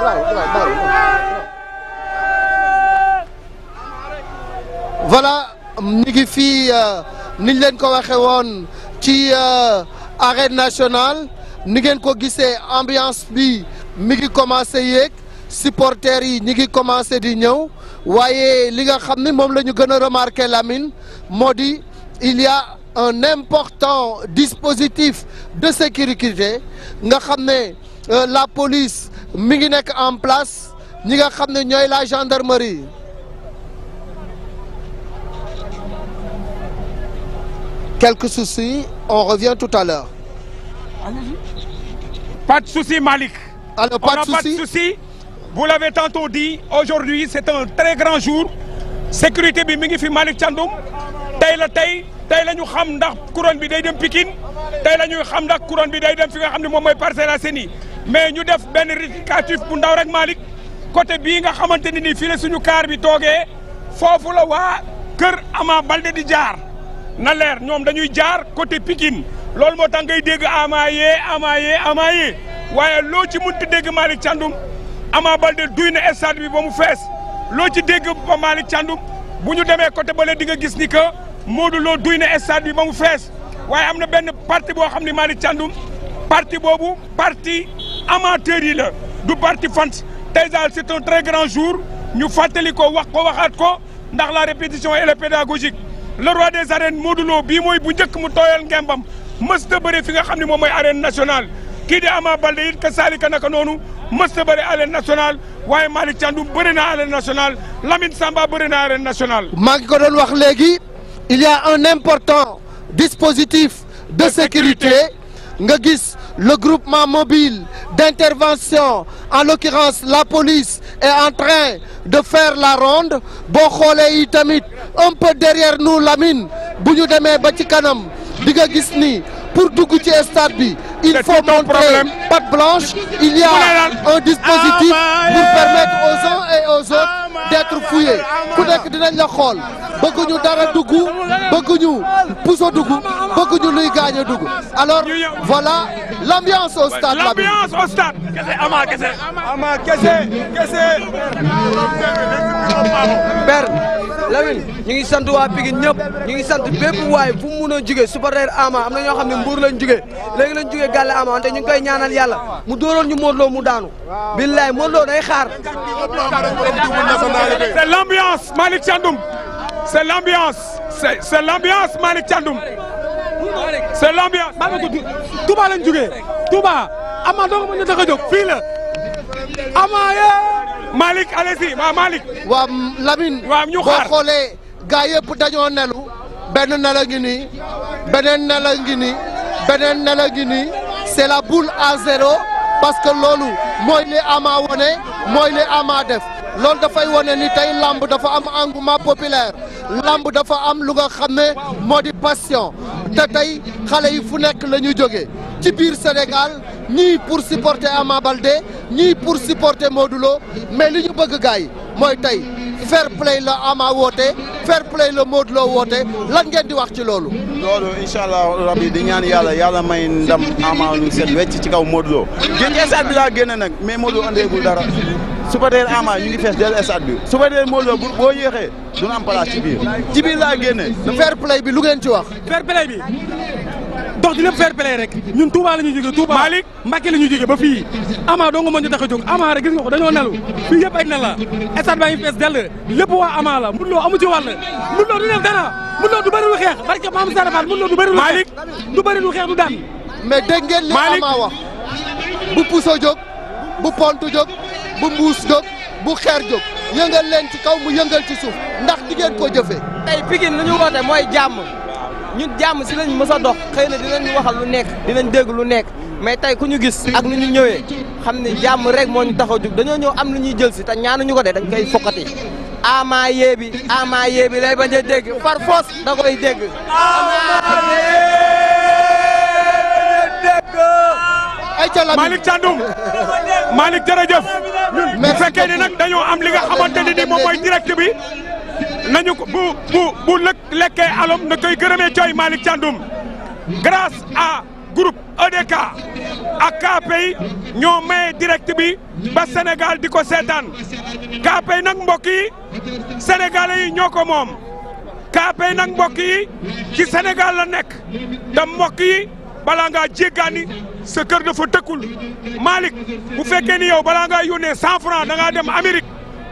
Brawo, brawo, brawo. voilà ñu ngi fii euh, niñ leen ko waxe woon ci euh, arène national ni ngeen ko gisee ambiance bi mi ngi commencé yéeg supporters yi ñi ngi commencé di ñëw waaye li nga xam ni moom la ñu gën a remarqué Lamine moo di il y a un important dispositif de sécurité nga xam ne euh, la police mi ngi nekk en place ñi nga xam ne ñooy la gendarmerie quelques soucis on revient tout à l'heure pas de soucis Malik alors pas, on de, a soucis. pas de soucis vous l'avez tantôt dit aujourd'hui c'est un très grand jour sécurité bi mi ngi fi Malik Thiandoum tey la tey tey la ñu xam ndax couronne bi day dem Pikine tey la ñuy xam ndax couronne bi day dem fi nga xam ne moom mooy Parcelles Assainies mais ñu def benn rectificatif bu ndaw rek Malick côté bii nga xamante ni nii fii la suñu kaar bi toogee foofu la waa kër Ama Balde di jaar na leer ñoom dañuy jaar côté Pikine loolu moo tax ngay dégg Ama yee Ama yee Ama yee waaye loo ci munti dégg Malick amaa Ama Balde duy na stade bi ba mu fees loo ci dégg ba Malick Thiandoum bu ñu demee côté bële di nga gis ni que Modou loo duy na stade bi ba mu fees waaye am na benn parti boo xam ne Malick Thiandoum parti boobu parti amateur yi la du parti fans tey daal c'est un très grand jour ñu fàttali ko wax ko waxaat ko ndax la répétition est pédagogique le roi des arènes Modou Lo bii mooy bu njëkk mu tooyal ngembam mës ta bëre fi nga xam ne moom mooy arène nationale kii di Ama Baldé it ka naka noonu mës ta bëre national nationale waaye Malick Thiandoum bëri na arène nationale Lamine Samba bëri na arène nationale maa ngi ko doon wax léegi il y a un important dispositif de sécurité nga gis le groupement mobile d'intervention en l'occurrence la police est en train de faire la ronde boo xoolee tamit un peu derrière nous Lamine bu ñu demee ba ci kanam di nga gis ni pour dugg ci stade bi il faut montrer patte blanche il y a un dispositif ah, pour permettre aux uns et aux autres ah, d'être fouillés ku nekk dinañ la xool bëgguñu dara dugg bëgguñu puso dugg bëgguñu luy gaañ a dugg alors voilà l'ambiance au stade la l'ambiance au stade kese ama kese ama kese kese père Lamine ñu ngi sant waa Pikine ñëpp ñu ngi sant bépp waay fu mu mun a jugee ama am na ñoo xam ne mbuur lañ jugee léegi lañ jugee gàlle ama wante ñu ngi koy ñaanal yàlla mu dóoroon ñu Modou daanu billaay Modou Lo xaar c'est l'ambiance c'est l'ambiance c'est l'ambiance Malick Thiandoum c'est l'ambiance maa ngi tudd Touba lañ jógee Touba Ama dong ma ñu tax a jóg fii la Ama ye Malick allez-y ñu xaar boo xoolee gars dañoo nelu benn nela ngi nii beneen nela ngi nii beneen la boule à zéro parce que loolu mooy li Ama wone mooy li Ama def loolu dafay wane ni tey làmb dafa am engouement populaire làmb dafa am lu nga xam ne moo di passion te tey xale yi fu nekk la ñu jógee ci biir Sénégal ñii pour supporter Ama Baldé ñii pour supporter Modou mais li ñu bëgg gaay mooy tey fair play la Ama woote fair play la Modou Lo woote lan ngeen di wax ci loolu. loolu incha allah rabbi di ñaan yàlla yàlla may ndam Ama ñu seet wecc ci kaw Modou Lo. génn stade bi laa génne nag mais Modou Lo andeegul dara. supporter Ama ñu ngi fees dellu stade bi. supporter Modou Lo bu boo yéexee du am place ci biir. ci biir laa génne. fair play bi lu ngeen ci wax. dox di lépp fair rek ñun Touba la ñu jógee Touba Malick Mbacké la ñu jógee ba fii Ama dong moo ñu tax a jóg Ama rek gis nga ko dañoo nelu fii yëpp ay nel la stade baa ngi fees dell lépp waa Ama la Modou Lo amu ci wàll Modou du def dara Modou Lo du bëri lu xeex barke Mame Sada Fall Modou Lo du bëri lu xeex du bëri lu xeex du daan mais dégg ngeen li Ama wax bu puso jóg bu jóg bu mbuus jóg bu jóg yëngal leen ci kaw mu yëngal ci suuf ndax di ngeen ko jëfee tey Pikine lu ñu woote mooy ñun jàmm si lañ mës a dox xëy na dinañ waxal lu nekk dinañ dégg lu nekk mais tey ku ñu gis ak nu ñu ñëwee xam ne jàmm rek moo ñu tax a jug dañoo ñëw am lu ñuy jël si te ñaanuñu ko de dañ koy fokkati ama yee bi ama yee bi lay bañ a dégg par force da koy dégg Malick Thiandoum Malick jërëjëf bu fekkee ni nag dañoo am li nga xamante ni moom bi nañu ko bu bu bu lëkk lekkee alom na koy gërëmee cooy Malick Thiandoum grâce à groupe EDK ak KPI ñoo maye direct bi ba senegal di ko seetaan KPI nag mbokk yi sénégalais yi ñoo ko moom KPI nag mbokk yi ci Sénégal la nekk te mbokk yi balaa ngaa jéggaani sa kër dafa tëkkul Malick bu fekkee ni yow balaa yónnee cent franc da dem Amérique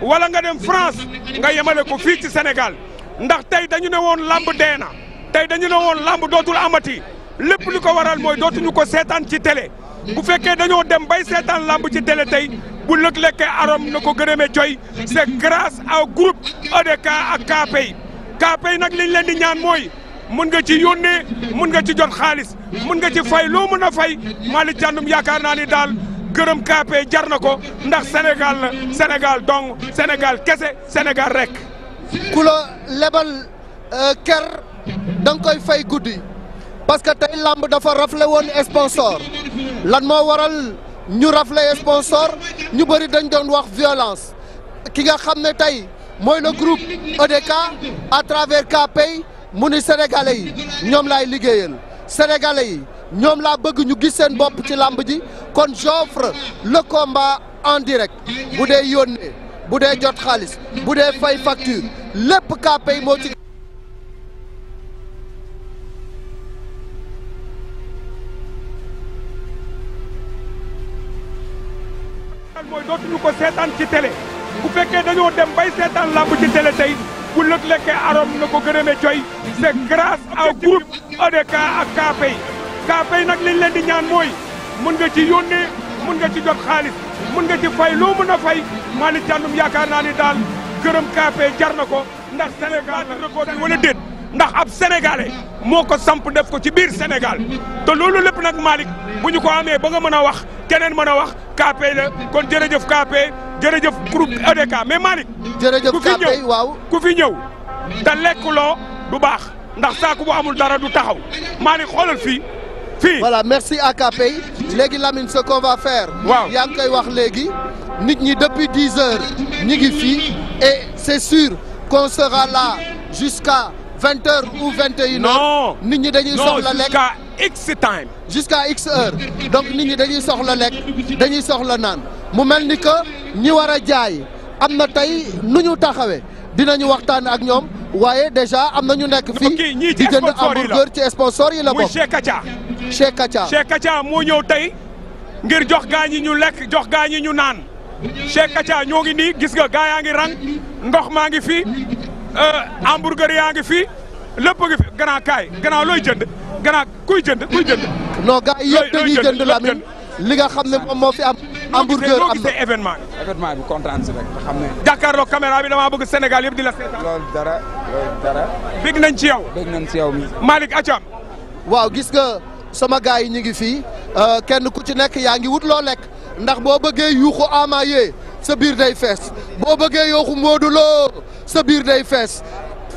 wala nga dem France nga yemale ko fii ci Sénégal ndax tey dañu ne woon lamb dee na tey dañu ne woon làmb dootul amati lépp li ko waral mooy dootuñu ko seetaan ci tele bu fekkee dañoo dem bay seetaan lamb ci télé tey bu lëg lekkee arom na ko gërëmee coy c'est grâce au groupe EDK ak KPI KPI nag liñ leen di ñaan mooy mun nga ci yónnee mun nga ci jot xaalis mun nga ci fay loo mën na fay Malick Thiandoum yaakaar naa ni daal gërëm kaapee jar na ko ndax Sénégal la Sénégal dong kese Sénégal rek. ku la lebal euh, ker da nga koy fay guddi parce que tey làmb dafa rafle woon sponsor lan moo waral ñu rafle sponsor ñu bëri dañ doon wax violence ki nga xam ne tey mooy le groupe EDK à travers KPay mu ni sénégalais yi ñoom laay liggéeyal sénégalais yi ñoom laa bëgg ñu gis seen bopp ci làmb ji kon j'offre le combat en direct bu dee yónnee bu dee jot xaalis bu dee fay facture lépp kàppay moo ci. mooy dootuñu ko seetaan ci télé ku fekkee dañoo dem bay seetaan làmb ci télé tey bu lëkk lekkee arom na ko gërëmee coy c'est grâce au groupe ODK e ak KPay KPay nag liñ leen di ñaan mooy. mun nga ci yónnee mën nga ci jot xaalis mun nga ci fay loo mën a fay Malick Thiandoum yaakaar naa ni daal gërëm kaapee jar na ko ndax Sénégal record bi wala déet ndax ab sénégalais moo ko samp def ko ci biir Sénégal te loolu lépp nag Malick bu ñu ko amee ba nga mën a wax keneen mën a wax kaapee la kon jërëjëf kaapee jërëjëf groupe EDK mais Malick. jërëjëf kaapee waaw ku fi ñëw te lekkuloo du baax ndax saako bu amul dara du taxaw Malick xoolal fii fii. voilà merci à kaapee léegi Lamine ce qu'on va faire. waaw yaa ngi koy wax léegi nit ñi depuis dix heures ñi ngi fii et c'est sûr qu'on sera là jusqu'à heures ou heures. nit ñi dañuy soxla lekk jusqu'à x time. jusqu'à donc nit ñi dañuy soxla lekk dañuy soxla naan mu mel ni que ñi war a jaay am na tey nu ñu taxawee dinañu waxtaan ak ñoom waaye déjà am na ñu nekk fii di jënd hamburger ci sponsor yi la bokk. Cheikh Kacha Cheikh moo ñëw tey ngir jox gaa ñi ñu lekk jox gaa ñi ñu naan Cheikh Kacha ñoo ngi nii gis nga gaa yaa ngi rang ndox maa ngi fi euh, hamburger yaa ngi fi lépp ngi fi gannaaw kaay gannaaw looy jënd gannaaw kuy jënd kuy jënd. non gaa yëpp dañuy jënd Lamine li nga xam ne moom moo fi am. hamburger am na événement bi. événement bi kontaan si rek nga xam ne. caméra bi damaa bëgg Sénégal yëpp di la seetaan. loolu dara nañ ci yow. bëgg nañ ci mi Malick waaw gis nga. sama gars yi ñu ngi fii euh, kenn ku ci nekk yaa ngi wut loo lekk ndax boo bëggee yuuxu ama yee sa biir day fees boo bëggee yooxu mooduloo sa biir day fees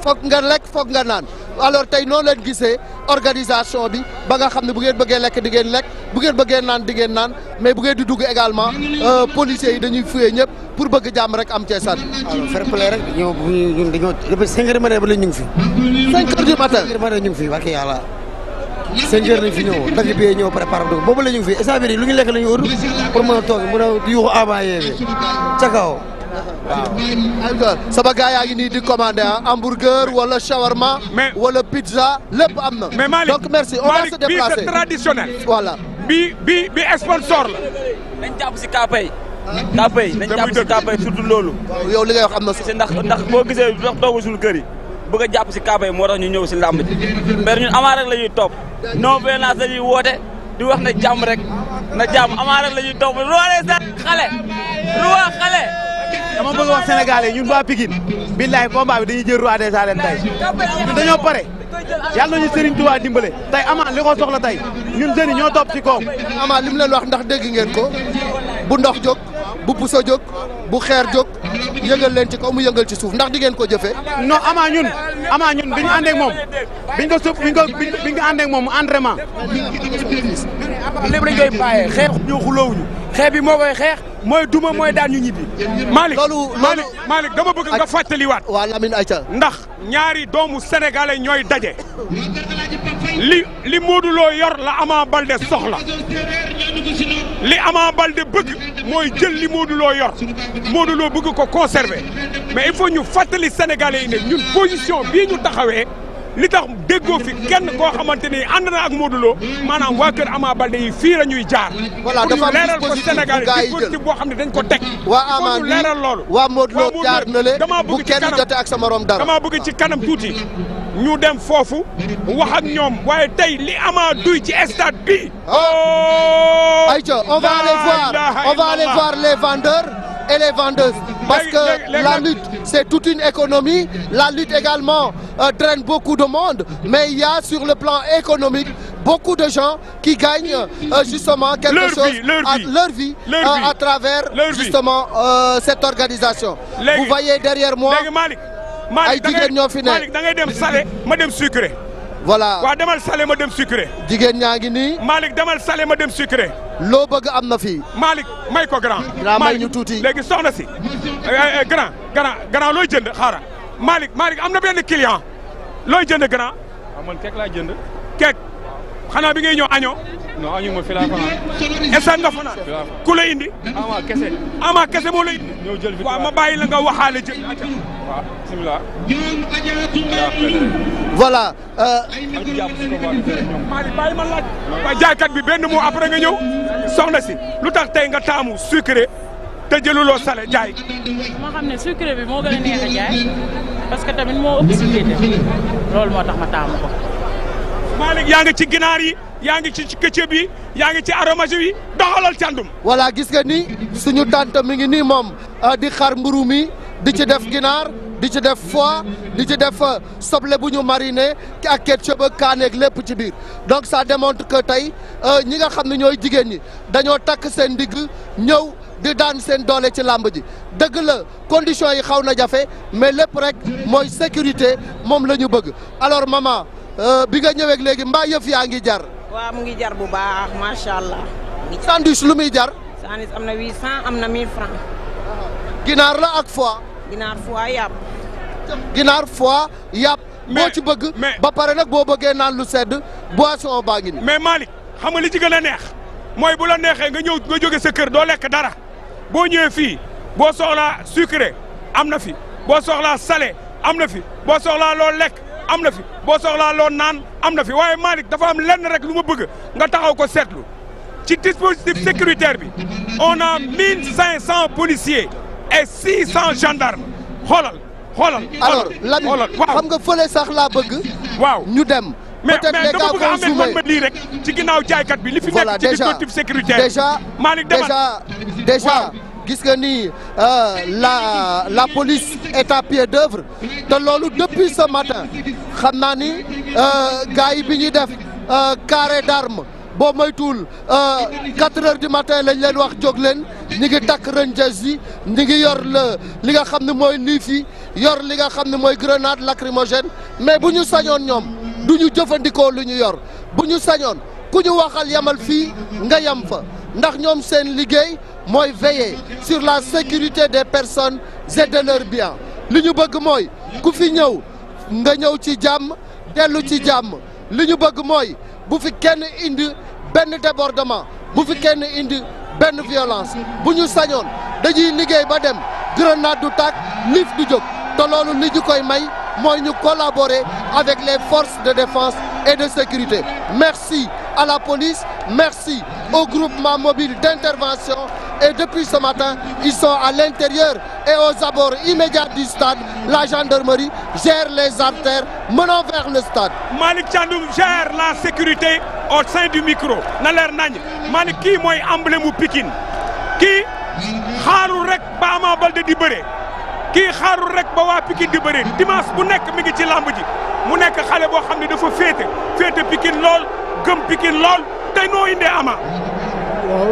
foog nga lekk foog nga naan alors tey noonu leen gisee organisation bi ba nga xam ne bu ngeen bëggee lekk di ngeen lekk bu ngeen bëggee naan di ngeen naan mais bu ngeen di dugg également euh, policiers yi dañuy fuyee ñëpp pour bëgg jàmm rek am cee sànni. waaw rek ñoo ñun dañoo depuis cinq heures du matin ba la ñu ngi fi. cinq heures du matin cinq yàlla. seen heure lañ fi ñëw dagg bi ñëw préparé dugg boobu la ñu ngi fi instant lu ñu lekk la ñu ut pour mën a toog mën a yuuxu avant yeewee ca kaw waaw sama gars yaa ngi nii di commandé ah hamburger wala shawarma. wala pizza lépp am na. mais Malick donc merci on va se déplacer bii c'est traditionnel. voilà bi bi bi sponsor la. nañ jàpp si Kaapay. Kaapay nañ jàpp si Kaapay surtout loolu. yow li ngay wax am na solo. ndax ndax boo gisee dox doogu suñu kër yi. bëgg jàpp si kaaba yi moo tax ñu ñëw si làmb ji mais ñun amaa rek la ñuy topp non violence la ñuy woote di wax na jàmm rek na jàmm amaa rek la ñuy topp loolee sax xale lu wax xale dama bëgg wax sénégalais ñun waa Pikine billahi combat bi dañuy jël roi des arènes tey ñun dañoo pare yàlla nañu Serigne Touba dimbale tey Ama li ko soxla tey ñun jeunes yi ñoo topp ci koom. Ama li leen wax ndax dégg ngeen ko bu ndox jóg bu puso jóg bu xeer jóg. yëngal leen ci kaw mu yëngal ci suuf ndax di ngeen ko jëfee. non amaa ñun amaa ñun bi ñu àndee moom bi ñu ko sëb bi ñu ko bi ñu ko àndee moom entraînement. lépp dañ koy bàyyee xeex ñu xulóowuñu xeex bi moo koy xeex mooy duma mooy daal ñu ñibbi. Malick loolu dama bëgg nga fàttaliwaat. waa Lamine Aïcha. ndax ñaari doomu sénégalais ñooy daje. li li Modou Lo yor la Ama Baldé soxla. li Ama Baldé bëgg mooy jël li Modou Lo yor Modou Lo bëgg ko conserver mais il faut ñu fàttali Sénégalais yi ne ñun position bii ñu taxawee li tax déggoo fi kenn koo xamante ni ànd ak Modou maanaam waa kër Ama Baldé yi fii la ñuy jaar. voilà dafa am leeral ko Sénégal yi boo xam ne dañ ko teg. waa Ama bi leeral loolu. waa Modou Lo jaar na le bu ak sa morom dara ci kanam tuuti. ñu dem foofu wax ak ñoom waaye tey li Ama duy ci stade bi. ayca ah. oh! et les vendeuses. Parce que la lutte, c'est toute une économie. La lutte également euh, draine beaucoup de monde. Mais il y a sur le plan économique beaucoup de gens qui gagnent euh, justement quelque chose à, vie. leur vie, euh, à travers leur justement euh, cette organisation. Vous voyez derrière moi ay jigéen ñoo fi ne Malick da ngay dem salé ma dem sucré. voilà waaw demal salé ma dem sucré. jigéen ñaa ngi nii. Malick demal salé ma dem sucré. loo bëgg am na fii. Malick may ko grand. grand may ñu tuuti léegi soxna si. Eh, eh, eh, grand grand grand looy jënd xaaral Malick Malick am na benn client looy jënd grand. Ah, kek jënd. xanaa bi ngay ñëw año non añu ma fi laa fanaan. est fanaan. ku la indi. ama kese. moo la indi. ñëw ma bàyyi la nga waxaale jël. waaw voilà. Euh, bàyyi ma bi benn moo après nga ñëw soxna si lu tax tey nga taamu sucré te jëluloo salé jaay. moo parce que tamit moo tax ma yaa ngi ci ginaar yi yaa ngi ci këccëb yi yaa ngi ci aromage yi doxalal candum. voilà gis nga ni suñu tante mi ngi nii moom euh, di xar mburu mi di ci def ginaar. di ci def foie di ci def euh, soble bu ñu mariné ak ketchup ak kaane ak lépp ci biir donc sa démontre que tey euh, ñi nga xam ne ñooy jigéen ñi dañoo takk seen ndigg ñëw di daan seen doole ci làmb ji dëgg la condition yi xaw na jafe mais lépp rek mooy sécurité moom la ñu bëgg alors maman euh, bi nga ñëweeg léegi mbaa yëf yaa ngi jar. waa mu ngi jar bu baax macha allah. sandwich lu muy jar. sandwich am na 800 am na 1000 ginaar la ak foie. ginaar foie yàpp. ginaar foie yàpp. boo ci bëgg ba pare nag boo bëggee naan lu sedd boisson baa gi nii. mais Malick xam nga li ci gën a neex mooy bu la neexee nga ñëw nga jóge sa kër doo lekk dara boo ñëwee fii boo soxlaa sucré am na fi boo soxlaa sale am na fi boo soxlaa loo lekk am na fi boo soxlaa loo naan am na fi waaye Malick dafa am lenn rek lu ma bëgg nga taxaw ko seetlu ci dispositif sécuritaire bi on a mille cinq cent policiers et six cent xoolal. xoolal alors Lamine xam nga fële sax laa bëgg. waaw ñu dem. mais mais dama bëgg a amee ma lii rek ci ginnaaw jaaykat bi li fi nekk ci dispositif sécuritaire. déjà déjà déjà gis nga ni euh, la la police est à pied d'œuvre te loolu depuis ce matin xam naa ni euh, gars yi bi ñuy def euh, carré d'armes boo moytuwul euh, quatre heures du matin lañ leen wax jóg leen ñi ngi takk rënjas yi ñi yor li nga xam ne mooy niif yi yor li nga xam ne mooy grenade lacrymogène mais bu ñu sañoon ñoom du ñu jëfandikoo lu ñu yor bu ñu sañoon ku ñu waxal yamal fii nga yam fa ndax ñoom seen liggéey mooy veiller sur la sécurité des personnes et de leurs biens li ñu bëgg mooy ku fi ñëw nga ñëw ci jàmm dellu ci jàmm li ñu bëgg mooy bu fi kenn indi benn débordement bu fi kenn indi benn violence bu ñu sañoon dañuy liggéey ba dem grenade du tàkk liif du jóg te loolu li ñu koy may mooy ñu collaborer avec les forces de défense et de sécurité merci à la police merci au groupement mobile d'intervention et depuis ce matin ils sont à l'intérieur et aux abords immédiats du stade la gendarmerie gère les artères menant vers le stade Malick Thiandoum gère la sécurité au sein du micro na leer nañ ma kii mooy emblème mu Pikine kii xaarul rek ba Ama Baldé di bëre kii xaarul rek ba waa Pikine di bëre dimanche bu nekk mi ngi ci làmb ji mu nekk xale boo xam ne dafa féete féete Pikine lool gëm Pikine lool tey noo indee Ama. waaw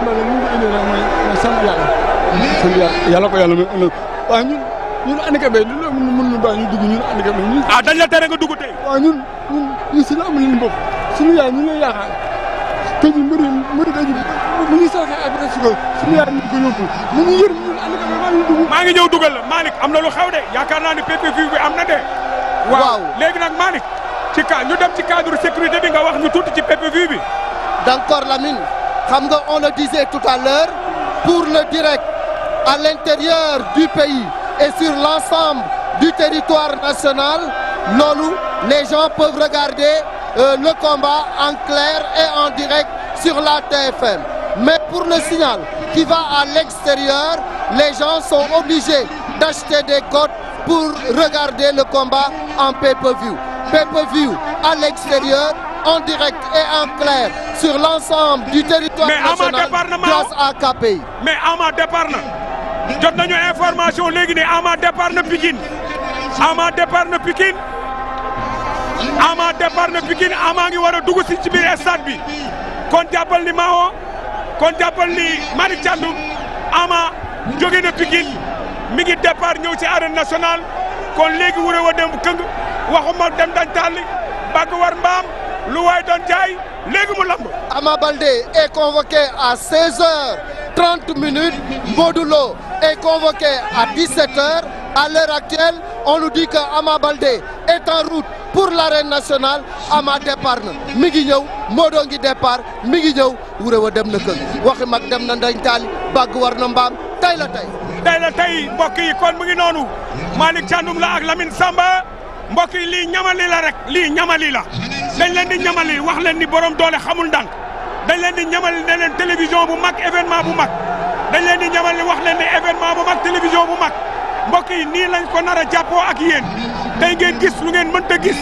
Ama la ñu ngi indi rek mooy mooy sant yàlla. sant yàlla ko yàlla mooy ëllëg waaw ñun ñun handicapé lu la mën mën ñu ñu dugg ñun handicapé ñun. ah dañ la tere dugg tey. waaw ñun ñun ñun si suñu yaay ñu ngi lay yaakaar te ñu mbëri mbëri dañu mu ngi saraxe ak rek suñu suñu yaay ñu ko yóbbu mu ngi yër ñun ànd ak maa ngi dugg maa ngi ñëw dugal la Malick am na lu xew de yaakaar naa ni PPV bi am na de waaw léegi nag Malick ci ka ñu dem ci cadre sécurité bi nga wax ñu tuuti ci PPV bi d'accord Lamine xam nga on le disait tout à l'heure pour le direct à l'intérieur du pays et sur l'ensemble du territoire national loolu les gens peuvent regarder euh, le combat en clair et en direct sur la TFM. Mais pour le signal qui va à l'extérieur, les gens sont obligés d'acheter des codes pour regarder le combat en pay-per-view. Pay-per-view à l'extérieur, en direct et en clair sur l'ensemble du territoire mais national grâce à KPI. Mais Ama départ léegi ne Ama départ na Pikine Ama départ na Pikine Ama ngi war a dugg si ci biir stade kon jàppal ni Mawo kon jàppal ni Malick Thiandoum Ama jóge na Pikine mi ngi départ ñëw ci arène nationale kon léegi wuré wa këng waxuma dem dañ tàlli bàgg war mbaam lu waay doon léegi mu lamb Ama Baldé est convoqué à 16 heures 30 minutes Modou Lo est convoqué à 17 heures à l'heure actuelle on nous dit que Ama Baldé est en route pour l'arène nationale Ama départ na mi ngi ñëw Modou ngi départ mi ngi ñëw Wouréwa dem na kër waxi mag dem na ndañ taali bàgg war na mbaam tay la tay tay la tay mbokk yi kon mu ngi noonu Malick Thiandoum la ak Lamine Samba mbokk yi lii ñamali la rek lii ñamali la dañ leen di ñamali wax leen ni borom doole xamul ndànk dañ leen di ñamali ne leen télévision bu mag événement bu mag dañ leen di ñamali wax leen ne événement bu mag mbokk yi nii lañ ko nar a jàppoo ak yéen tey ngeen gis lu ngeen mënta gis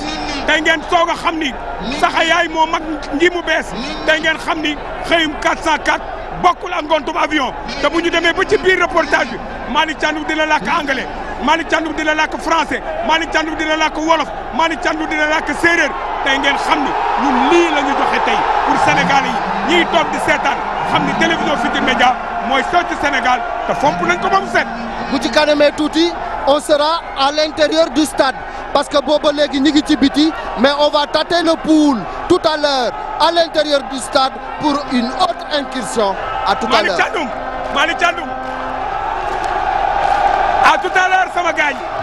tey ngeen soog a xam ni saxayaay moo mag nji mu bees tey ngeen xam ni xëyum 404 bokkul ak ngontum avion te bu ñu demee ba ci biir reportage bi Malick Thiandoum dina làkk anglais la Thiandoum dina làkk français Malick Thiandoum dina làkk wolof Malick Thiandoum dina làkk séeréer tey ngeen xam ni ñun lii la ñu joxe tey pour Sénégalais yi ñiy toog di seetaan xam ni télévision Futurs Médias mooy socc Sénégal te fomp nañ ko ba mu set. bu ci kanamee tuuti on sera à l'intérieur du stade parce que booba léegi ñu ngi ci biti mais on va tâter le pouls tout à l'heure à l'intérieur du stade pour une autre incursion. à tout à l'heure Malick Thiandoum Malick Thiandoum à tout à l'heure sama gars yi